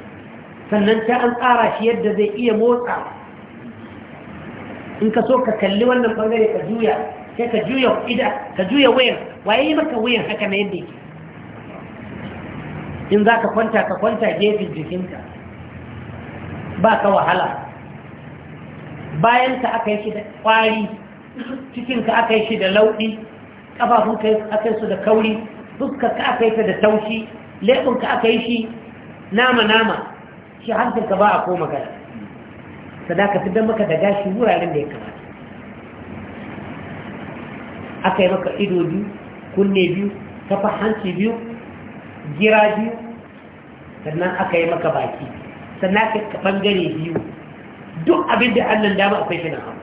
sannan ta an tsara shi yadda zai iya motsa in ka so ka kalli wannan bangare ka juya sai ka juya ida ka juya wayan waye yi maka wayan haka na yadda yake in za ka kwanta ka kwanta gefen jikinka ba ka wahala bayan ka aka yi shi da kwari cikinka aka yi shi da lauɗi ƙafafunka aka yi su da kauri fuskarka aka yi ta da taushi leɓunka aka yi shi nama-nama shi hancinka ba a koma gari sadaka fi don maka da gashi wuraren da ya kamata aka yi maka ido biyu kunne biyu kafa hanci biyu gira biyu sannan aka yi maka baki sannan ka ɓangare biyu duk abin da annan dama akwai shi na hamu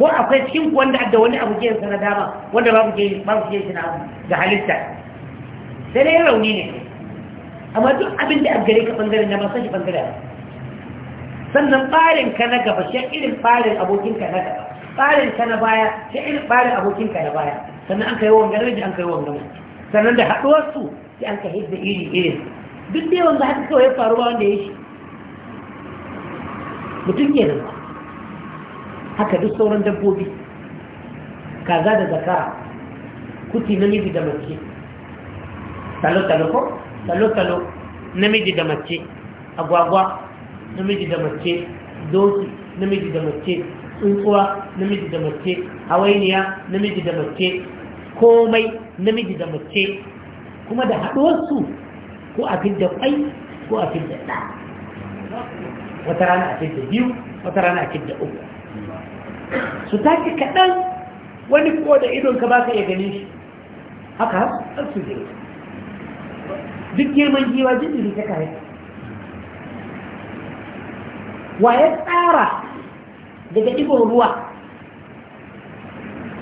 ko akwai cikin wanda da wani abu ke na dama wanda babu ke babu na abu ga halitta sai dai rauni ne amma duk abin da a gare ka bangare na masan shi bangare sannan tsarin ka na gaba shi irin tsarin abokin ka na gaba tsarin ka na baya shi irin tsarin abokin ka na baya sannan an kai wanga rage an kai wanga sannan da haɗuwar su sai an kai da iri irin duk dai wanda haka kawai ba wanda ya shi mutum ke nan ba haka duk sauran dabbobi kaza da zakara kuti namiji da mace talo-talo ko talo-talo namiji da mace agwagwa namiji da mace doki namiji da mace tsuntsuwa namiji da mace hawainiya namiji da mace komai namiji da mace kuma da haɗuwarsu ko a fidda kwai ko a fidda ɗa wata rana a fidda biyu wata rana a fidda uku su tashi kaɗan wani ko da idonka ba ka iya gani shi haka har su je duk girman giwa jinjiri ta kare wa ya tsara daga ɗigon ruwa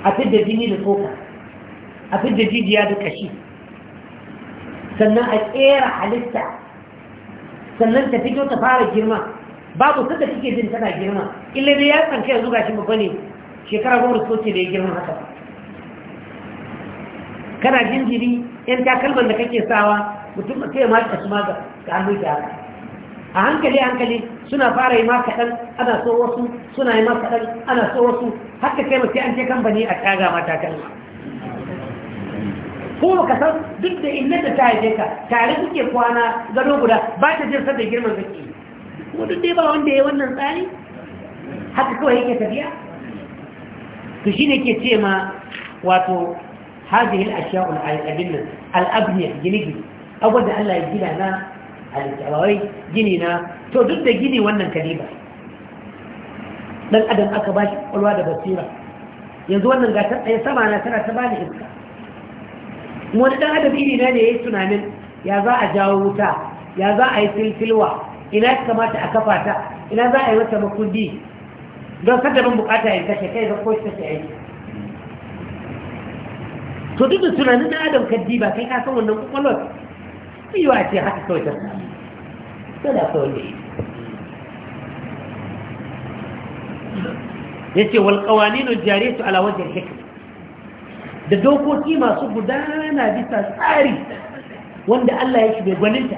a fidda jini da tsoka a fidda jijiya da kashi sannan a tsera halitta sannan ta fito ta fara girma babu sada kike jin tana girma illa dai ya ya zuga shi babba ne shekara goma da soce da ya girma haka kana jinjiri yan takalman da kake sawa mutum sai ma mata su ma ga hannun da haka a hankali hankali suna fara yi maka kaɗan ana so wasu suna yi maka kaɗan ana so wasu haka kai mace an je kambani a taga mata kan ko ka san duk da inna da ta haife ka tare kuke kwana gado guda ba ta jin da girman zaki kuma duk dai ba wanda ya yi wannan tsari haka kawai yake tafiya to shi ne ke ce ma wato hajjihil ashiyar al'adun al al'abniyar gini-gini abu da Allah ya gina na Al-tawai? gini na to duk da gini wannan kaliba dan adam aka bashi kwalwa da basira yanzu wannan ga ɗaya sama na tana ta bani iska wani dan adam iri ne ya yi tunanin ya za a jawo wuta ya za a yi silsilwa ina ya kamata a kafa ta ina za a yi mata makundi don ban bukata ya kashe kai zan koshi kashe aiki to duk da tunanin na adam kaddi ba kai kasan wannan kwakwalwar yiwa ce haka kawai ta sai da kawai da ya ce walƙawani na jare su ala wajen hikima da dokoki masu gudana bisa tsari wanda Allah ya shiga gwaninta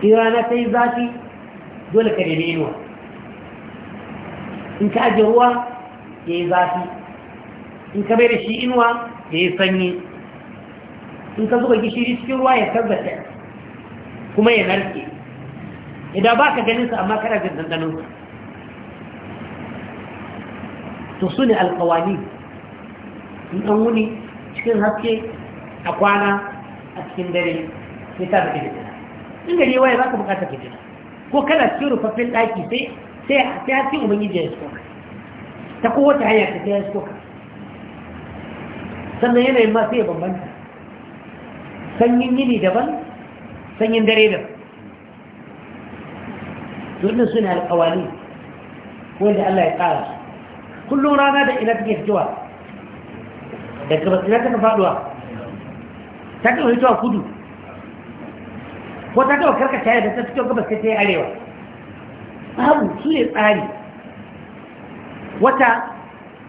irana ta yi zafi dole ka daidai inuwa in ka ajiye ruwa ya yi zafi in ka bai da shi inuwa ya yi sanyi in ka zuba gishiri cikin ruwa ya tabbata kuma ya narke idan ba ka ganinsa amma kada jin dandaninsa to su ne alkawani in an wuni cikin haske a kwana a cikin dare sai ta da fitina in gari waye za ka bukata fitina ko kana cikin rufaffen ɗaki sai sai sai haske ubangiji ya isko ta kowace hanya ta sai ya isko sannan yanayin ma sai ya bambanta sanyin yini daban sanyin dare daban dukkan suna alƙawali wanda Allah ya tsara kullum rana da ina take fitowa da gabas ina take faduwa ta kan fitowa kudu ko ta kan karkata da ta fito gabas ta yi arewa babu shi ne tsari wata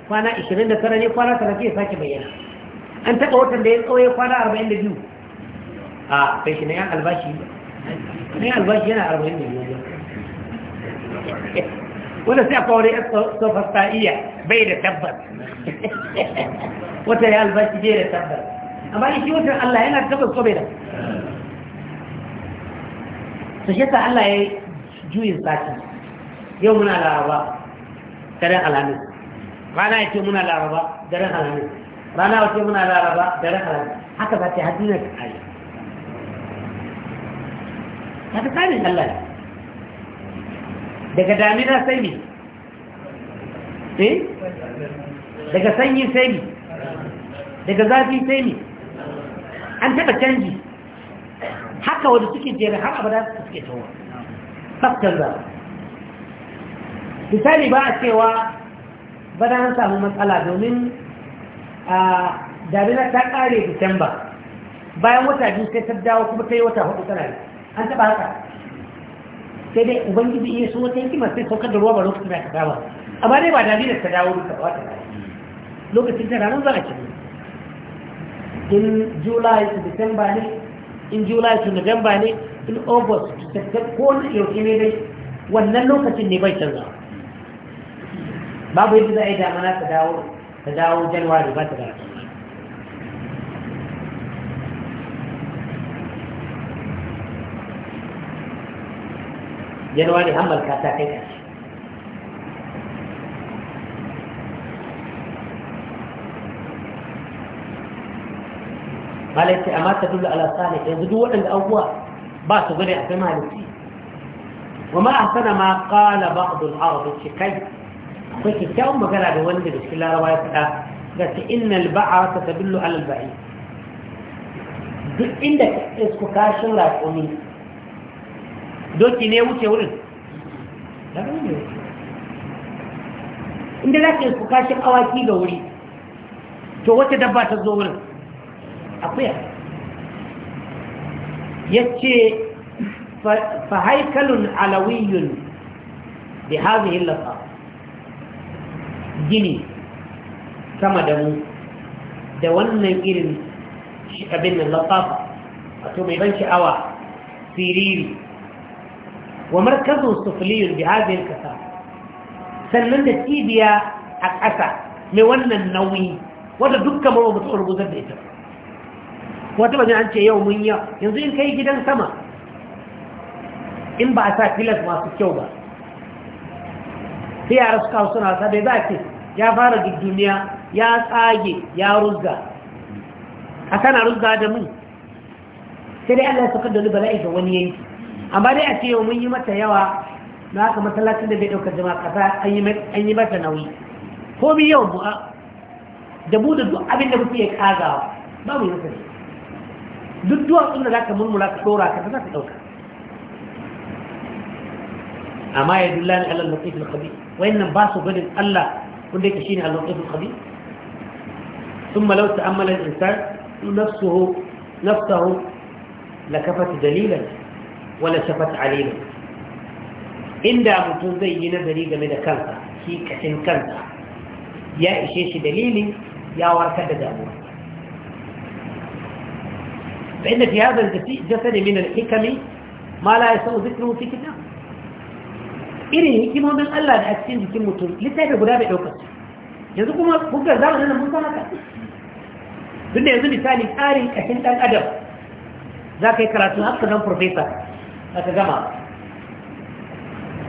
kwana 29 ne kwana 30 ya sake bayyana an taɓa watan da ya tsawaye kwana 42 a kai shi na yan albashi na yan albashi yana 42 wanda sai akwai wani tsofasta iya bai da tabbas wata ya albashi bai da tabbas amma shi watan Allah yana tabbas ko bai da su shi Allah ya juyin sati yau muna laraba daren alhamis rana ya ce muna laraba daren alhamis rana ya ce muna laraba daren alhamis haka ba ta haddina ta kare ta ta kare Allah ne daga damina sai ne eh daga sanyi sai ne daga zafi sai ne an taɓa canji haka wadda suke jere har abada suke tawo tsaftar zafi misali ba a cewa ba na samu matsala domin a damina ta kare disamba bayan wata biyu sai ta dawo kuma ta yi wata hudu tana an taba haka sai dai ubangiji iya su wata hikima sai saukar da ruwa ba lokacin da ka dawo amma dai ba damina ta dawo duka ba ta lokacin ta ranar za a ce in july to december ne in july to november ne in august ko na yau ne dai wannan lokacin ne bai canzawa بابو يبدا اذا ما تداول تداول جنوار بس غير جنوار هم الكاتاكيت مالك اما تدل على صالح يزدو عند اول بس غير في وما احسن ما قال بعض العرب في akwai kyakkyawan magana da wanda da cikin larawa ya faɗa ga ta inna alba'a ta tadullu alal duk inda ka isku kashin raƙumi doki ne wuce wurin inda za ka isku kashin awaki ga wuri to wata dabba ta zo wurin akuya ya ce fa haikalun alawiyun bi hazihin lafa gini sama da mu da wannan irin shi abin nan lafafa to mai ban sha'awa siriri wa markazin sufuliyun da hazin kasa sannan da cibiya a ƙasa mai wannan nauyi wadda dukkan mawa mutu rubuzar da ita wata bajin an ce yau mun yi yanzu in kai gidan sama in ba a sa filas masu kyau ba sai yara suka suna wasa bai za a ce ya fara duk duniya ya tsage ya ruzga a kana ruzga da mu sai dai Allah ya saukar da wani bala'i ga wani yanki amma dai a ce yau mun yi mata yawa na haka masallacin da bai ɗaukar jama'a kasa an yi mata nauyi ko bi yau bu'a da mu da duk abin da muke ya kagawa ba mu yi masa duk duwatsun da za ka murmura ka ɗora ka za ka ɗauka amma ya dulla ni Allah latifin khabir wayannan ba su gadin Allah كل شيء على الوقت القديم ثم لو تأمل الإنسان نفسه نفسه لكفت دليلا ولا شفت عليلا إن دا متوزينا دليلا من كنتا في كسن كنتا يا إشيش دليلي يا ورك دامو فإن في هذا الجسد من الحكم ما لا يسوى ذكره في كتابه irin hikimomin Allah da a cikin jikin mutum littafi guda bai ɗaukar yanzu kuma bugar zamanin nan mun san haka duk da yanzu misali tsarin ƙashin ɗan adam za ka yi karatu haka nan profesa za ka gama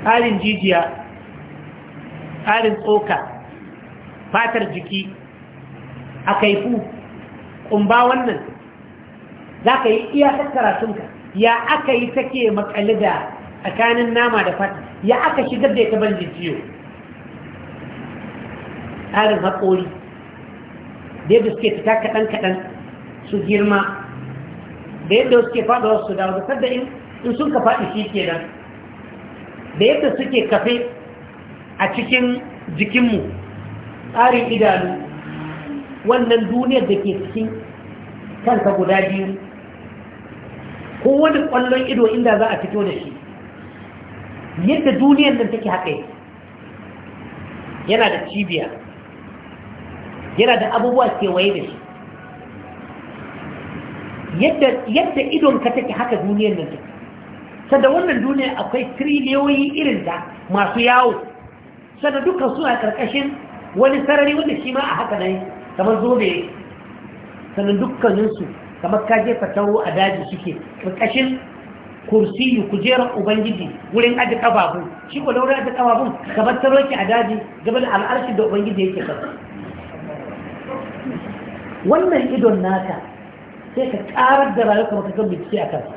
tsarin jijiya tsarin tsoka fatar jiki a kaifu ƙumba wannan za ka yi iya karatunka ya aka yi take makale da tsakanin nama da fata ya aka shigar da ya ban jijiyo tsarin haƙori da yadda suke fita kaɗan-kaɗan su girma da yadda suke wasu su dawo da in sun ka faɗi shi ke nan da yadda suke kafe a cikin jikinmu tsarin idanu wannan duniyar da ke cikin kanka guda biyu ko wani ƙwallon ido inda za a fito da shi yadda duniyar nan take haka yana da cibiya yana da abubuwa kewaye da shi yadda idon ka take haka duniyar nan take sada wannan duniya akwai triliyoyi irin ta masu yawo sada dukkan suna karkashin wani sarari wanda shi ma a haka nan kamar zobe sannan dukkaninsu kamar kaje fatawo a daji suke karkashin kursiyu kujerar ubangiji wurin aji kababu shi ko laurin aji kababun gabatar yake a daji gaba da al'arshi da ubangiji yake kasa wannan idon naka sai ka karar da rayuwar kuma ka gambi ciki a kansa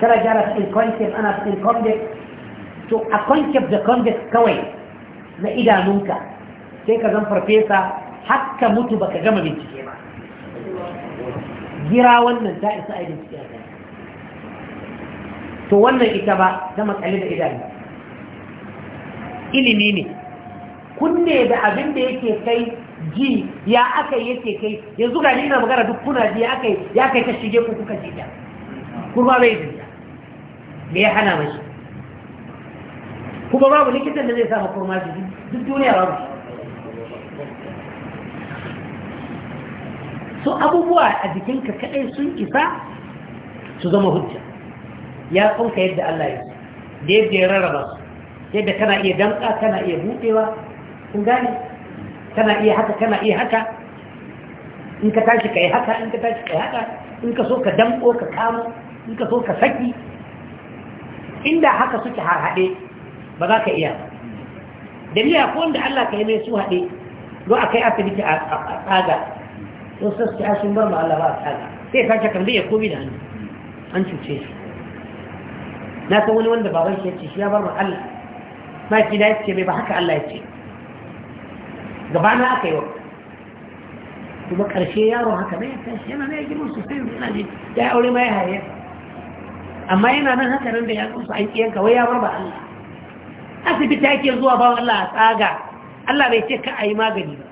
kana gyara cikin concept ana cikin concept to a concept da concept kawai na idanunka sai ka zan farfesa hakka mutu baka gama bincike ba gira wannan ta isa a bincike to wannan ita ba ta makale da idanu ilimi ne kunne da abin da yake kai ji ya aka yi yake kai yanzu ga ni ina magana duk kuna ji ya aka ya kai ta shige ku kuka ji kurma bai ji ta me ya hana mashi kuma babu likitan da zai sa kurma ji duk duniya babu so abubuwa a jikinka kaɗai sun isa su zama hujja ya kunka yadda Allah ya da yadda ya rarraba yadda kana iya damka kana iya buɗewa sun gane kana iya haka kana iya haka in ka tashi ka yi haka in ka tashi ka yi haka in ka so ka damko ka kamo in ka so ka saki inda haka suke harhaɗe ba za ka iya da miya ko wanda Allah ka yi mai su haɗe don a kai asibiti a tsaga don sassu ashirin bar ma Allah ba a tsaga sai ya ce kan zai ya kobi da hannu an cuce shi na san wani wanda baban shi yace shi ya bar ma Allah ma ki da yace bai ba haka Allah yace gabana aka yi wa kuma karshe yaro haka ne kan shi yana ne ya girma sosai yana ji ya aure mai ya haye amma yana nan haka nan da ya tsufa an kiyanka wai ya bar ba Allah asibiti yake zuwa ba Allah a tsaga Allah bai ce ka ayi magani ba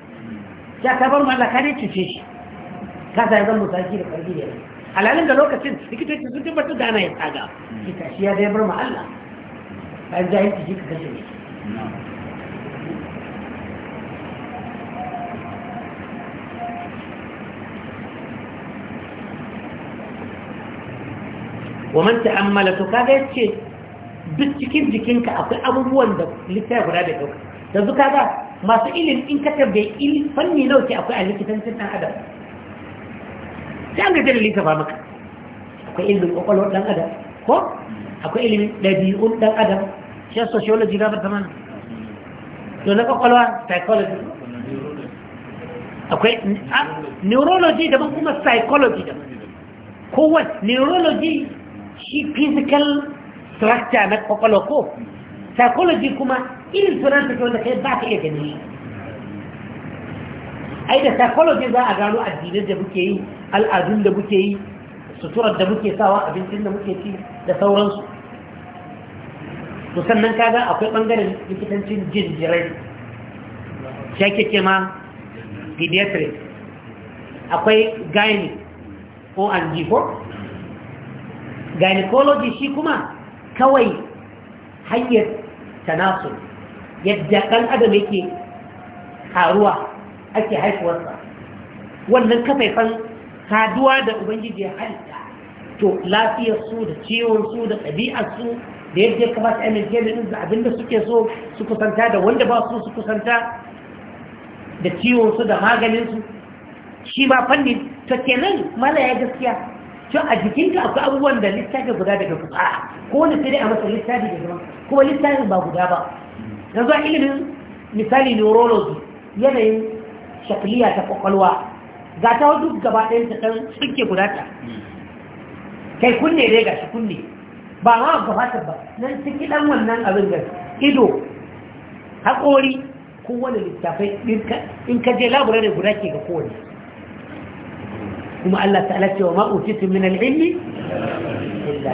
ya ka bar ma Allah ka ne cuce shi ka sai zan musaki da karfi da yanzu halalin da lokacin likitoci sun tabbatar da ana yin tsaga hmm. ki shi ya dai bar ma Allah bayan jahilci shi ka kashe ne wa man ta'ammala to kaga yace duk cikin jikinka akwai abubuwan da littafi guda da dauka yanzu kaga masu ilimin in ka tabbai ilmi fanni nawa akwai a likitan dan adam sai an gaji da ba maka akwai ilimin kwakwalwar ɗan adam ko akwai ilimin ɗabi'un ɗan adam shi sociology na fata mana to na kwakwalwa psychology akwai ah, neurology daban kuma psychology da kowa neurology shi physical structure na kwakwalwa ko psychology kuma irin turan take wanda kai ba ka iya gani ai da psychology za a gano addinin da muke yi al'adun da muke yi suturar da muke sawa abincin da muke ci da sauransu to sannan kaga akwai ɓangaren likitancin jirai shi ake ce ma pediatric akwai gynec ko an gynecology shi kuma kawai hanyar tanasu yadda ɗan adam yake karuwa ake haifuwarsa wannan kafaifan saduwa da ubangiji ya halitta to lafiyar su da ciwon su da ɗabi'ar su da yadda kamata ba mai gani da abin abinda suke so su kusanta da wanda ba su su kusanta da ciwon su da maganin su shi ba fanni ta kenan mala ya gaskiya to a jikinka akwai abubuwan da littafi guda daga kusa, ko wani sai dai a masa littafi da zama kuma littafin ba guda ba yanzu a ilimin misali neurology yanayin shakliya ta kwakwalwa ga ta wasu gaba ɗayan ta ɗan guda ta kai kunne dai ga shi kunne ba ma gabatar ba nan ciki ɗan wannan abin da ido haƙori kowane littafai in ka je labura ne guda ke ga kowane kuma Allah ta'ala wa ma utitu min al-ilmi illa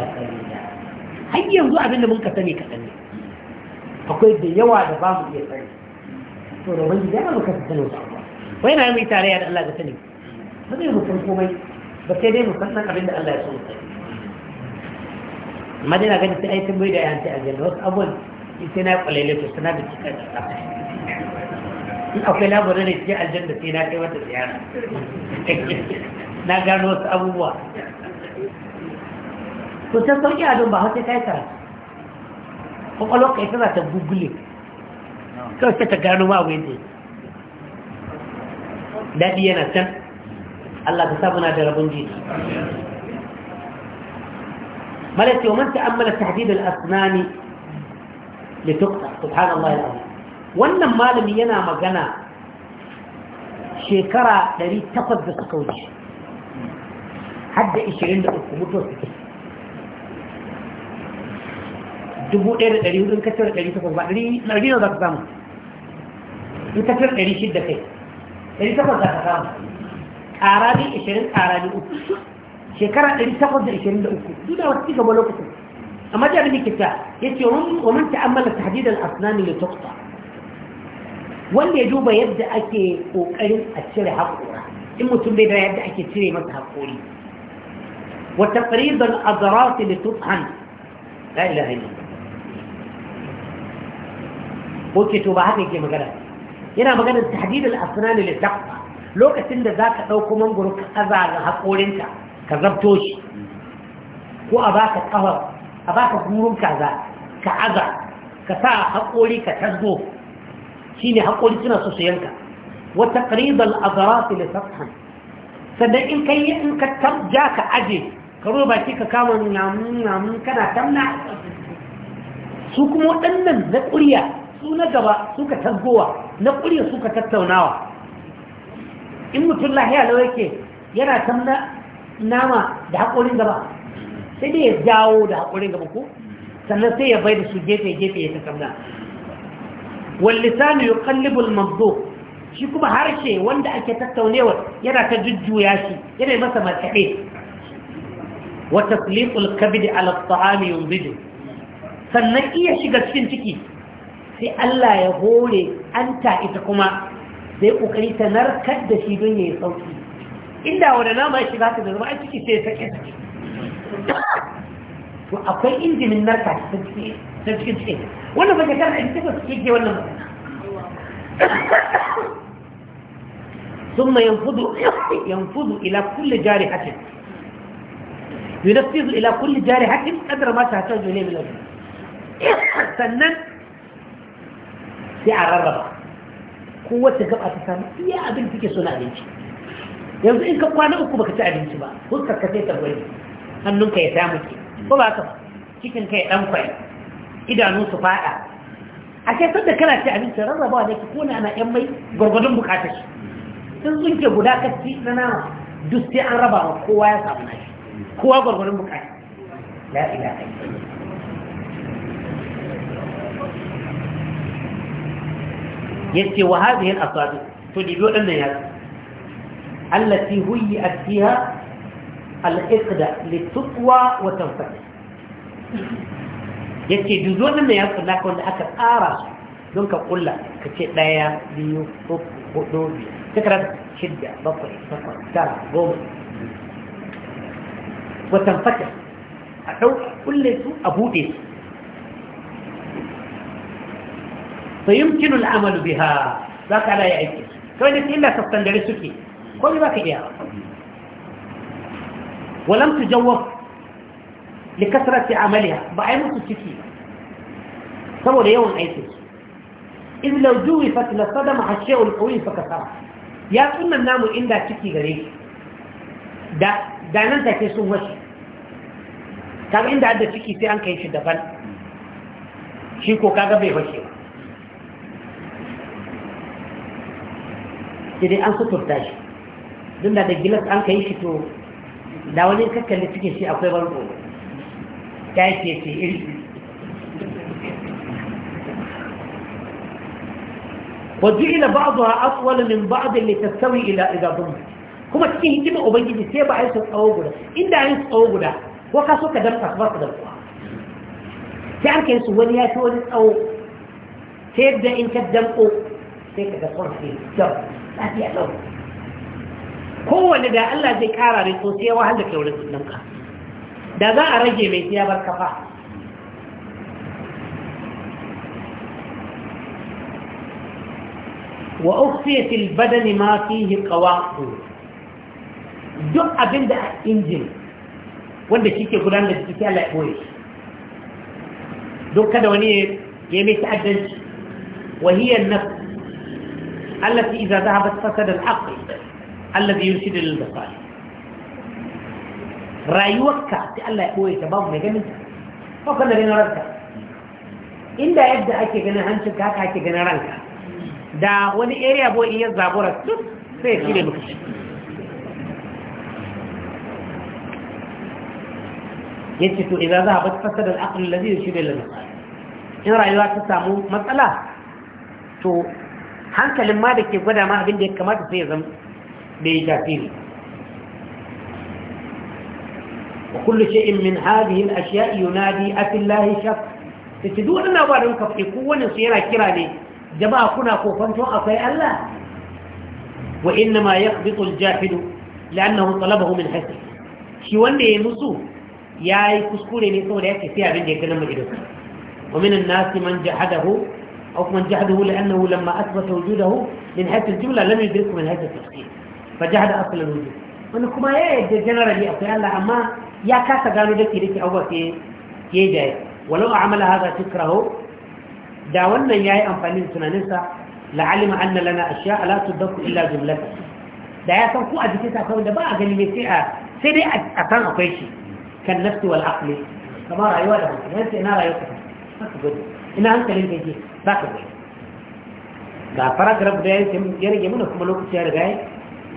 har yanzu abin da mun ka sani kaɗan ne akwai da yawa da ba mu iya sani to da wani da ba mu ka sani wai na yi mai tarayya da Allah ga sani ba zai rufin komai ba sai dai musamman abin da Allah ya so sai amma dai na gani sai ai bai da ayan a aljanna wasu abun sai na kwalele to sana da cika da ta. in akwai labarin ne cikin aljanna sai na kai wata ziyara na gano wasu abubuwa to ta sauƙi a don ba hau sai kai karatu kwakwalwar kai tana ta google kawai ta gano ma abin da daɗi yana can Allah ka sa muna da rabon jiki ملك ومن تأمل تحديد الأسنان لتقطع سبحان الله العظيم wannan malami yana magana shekara 800 da suka wuce hadda 23 mutuwa suke 1400 kacin 800 ba 100 za ka samu in kai 800 za ka samu ƙara ne ishirin ƙara ne uku shekara ɗari takwas da ishirin da uku duk da wasu cigaba lokacin amma da abin kita ya ce wa man ta'ammala tahdidal asnani ne tuqta wanda ya duba yadda ake kokarin a cire haƙora in mutum bai da yadda ake cire masa haƙori wata tafridal adras li tuthan la ilaha illallah ko ke to ba haka yake magana yana magana tahdidal asnani ne tuqta lokacin da za ka ɗauko mangoro ka aza ga haƙorinka ka zabto shi ko a baka ƙafar a baka gurin kaza ka aza ka sa haƙori ka tasgo shi ne haƙori suna so su yanka wata ƙarizar azarafi da sassan sannan in kai in ka tabja ka aje ka roba ki ka kama namun namun kana tamna su kuma waɗannan na ƙuriya su na gaba suka tasgowa na ƙuriya suka tattaunawa in mutum lahiya lau yake yana tamna nama da haƙorin gaba sai dai ya jawo da haƙorin gaba ko sannan sai ya bai da su gefe-gefe ya ta tamna wallisanu ya kallibul mabdo shi kuma harshe wanda ake tattaunewar yana ta jujjuya shi yana masa matsaɗe wata kulikul kabidi alaƙa'ami yanzu sannan iya shiga cikin ciki sai Allah ya hore an ta ita kuma Zai kokari ta narkar da shi don yayi sauki inda wani nama ya shiga ta da zama a ciki sai ta kenta to akwai injimin narka ta cikin cikin wannan bai kana in tafi su yake wannan ثم ينفذ ينفذ الى كل جارحه ينفذ الى كل جارحه قدر ما تحتاج اليه من الجنة sannan sai a rarraba kowace gaba ta samu iya abin take so na abinci yanzu in ka kwana uku baka ci abinci ba fuskar ka sai ta gwai hannunka ya samu ke ko ba ka ba cikin ka ya dan kwai idanu su fada a sai sanda kana ci abinci rarrabawa ne ki kona ana yan mai gwargwadon bukata shi sun tsunke guda ka ci na nama duk sai an raba kowa ya samu nashi kowa gwargwadon bukata la ilaha illallah yace wa hadhihi al-asadi to dibo dan nan ya allati huyat fiha al-iqda litqwa wa tanfaq yace dibo dan nan ya kula ko da aka tsara don ka kula, ka ce daya biyu uku hudu biyar shidda bakwai takwas tara goma wa tanfaq a dauka kulle su a bude su فيمكن العمل بها ذاك لا يعيش كوين إلا تستندر سكي كوين ذاك إياه ولم تجوف لكثرة عملها بعيمة سكي سوى ليوم عيش إذ لو جوفت لصدم الشيء القوي فكثرة يا كنا نام إن ذا سكي غريب دا دا ننتا كيسون وشي كان عند عدد سكي سيان كيش دفن شيكو كاغا بيهوشي sai dai an suturta shi duk da da gilas an kai shi to da wani kakkalli cikin shi akwai barko ta yake ce iri وجعل بعضها أطول من بعض لتستوي إلى إذا ضمت kuma cikin hikimar ubangiji sai ba a yi su tsawo guda inda a yi su tsawo guda ko ka so ka damta ba ka damta sai an kai su wani ya fi wani tsawo ta yadda in ka damko sai ka ga kwan sai lafiya lau kowane da Allah zai kara ne to sai ya wahal da kai wurin ɗinka da za a rage mai siya bar kafa wa ukhfiya badani ma fi fihi qawaqu duk abinda a injin wanda kike gudanar da jiki Allah ya boye kada wani ya mai ta'addanci wa hiya nafs التي إذا ذهبت فسد العقل الذي يرشد للبصائر rayuwarka ta Allah ya ɓoye ta babu mai ganin ta kan da ganin ranka inda yadda ake ganin hancin haka ake ganin ranka da wani area boy in ya zabura duk sai ya kire muku yace to idan za a bata fasada al'aql in rayuwa ta samu matsala to hankalin ma da ke gwada ma abin da ya kamata sai ya zama da ya tasiri wa kullu in min yin hadhihi al-ashya'i yunadi afillahi shak tace duk wannan ba don kafi ko wani su yana kira ne jama'a kuna kofanton akwai Allah wa inna ma yaqbitu al-jahilu la'annahu talabahu min hasbi shi wanda ya musu ya yi kuskure ne saboda yake sai abin da ya ga nan majidin wa min an-nasi man jahadahu أو من جحده لأنه لما أثبت وجوده من حيث الجملة لم يدركه من حيث التفصيل فجحد أصل الوجود wani kuma ya yadda generally akwai Allah amma ya kasa gano da ke da ke abuwa ke ke jaye walau a amala haza tikrahu da wannan ya yi amfani da tunaninsa la'alima anna lana ashiya ala tuddaku illa jumlata da ya san ku a jikin sakon da ba a gani mai sai a sai dai a san akwai shi kan nafsi wal aqli kamar rayuwa da hankali yanzu ina rayuwa ka ina hankalin ka عن ساکو دا پرګرام دې چې موږ یې موږ کومو لوک چیرې غای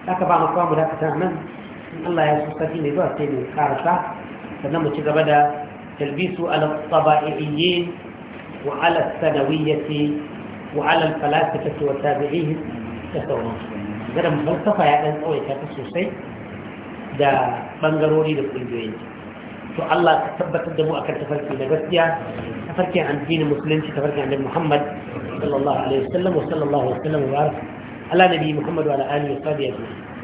تاکه باندې کومه دا څنګه نن الله یې سپتی نه وته دې کارتا څنګه موږ چې غبدا تلبيسو على الطبائعيين وعلى الثانوية وعلى الفلاسفة والتابعين تسوون غير ملتفى يعني أوي كاتسوسي دا بنغروري لكل جوينجي to Allah ka tabbatar da mu akan tafarki da gaskiya tafarki an addini musulunci tafarkin annabi Muhammad sallallahu alaihi wasallam wa sallallahu alaihi wasallam wa ala nabi Muhammad wa ala alihi wa sahbihi